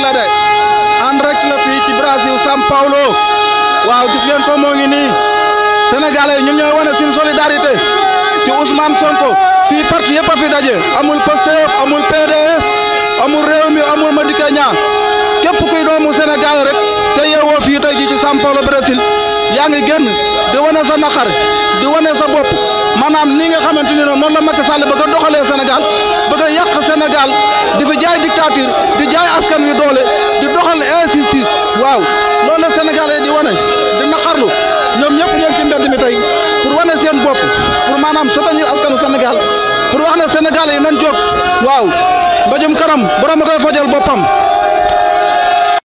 la de en direct la fii ci Brasil São Paulo waaw gis ngeen ko moo ngi nii sénégalais ñun ñooy wane suñu solidarité ci Ousmane Sonko fii parti yëpp a fi daje amul Pastef amul PDS amul Rewmi amul Madické Niang képp kuy doomu Sénégal rek te yeewoo fii tey jii ci São Paulo Brésil yaa ngi génn di wane sa naqar di wane sa bopp maanaam ni nga xamante ni noonu la Macky Sall bëgg a doxalee Sénégal bëgg a yàq Sénégal di fi jaay dictature askan wi doole di doxal injustice waaw loolu la sénégalais di wane di naqarlu ñoom ñëpp ñoom ci mbedd mi tey pour wane seen bopp pour maanaam soutenir askanu Sénégal pour wax ne sénégalais yi nañ jóg waaw mbajum kanam borom a koy fajal boppam.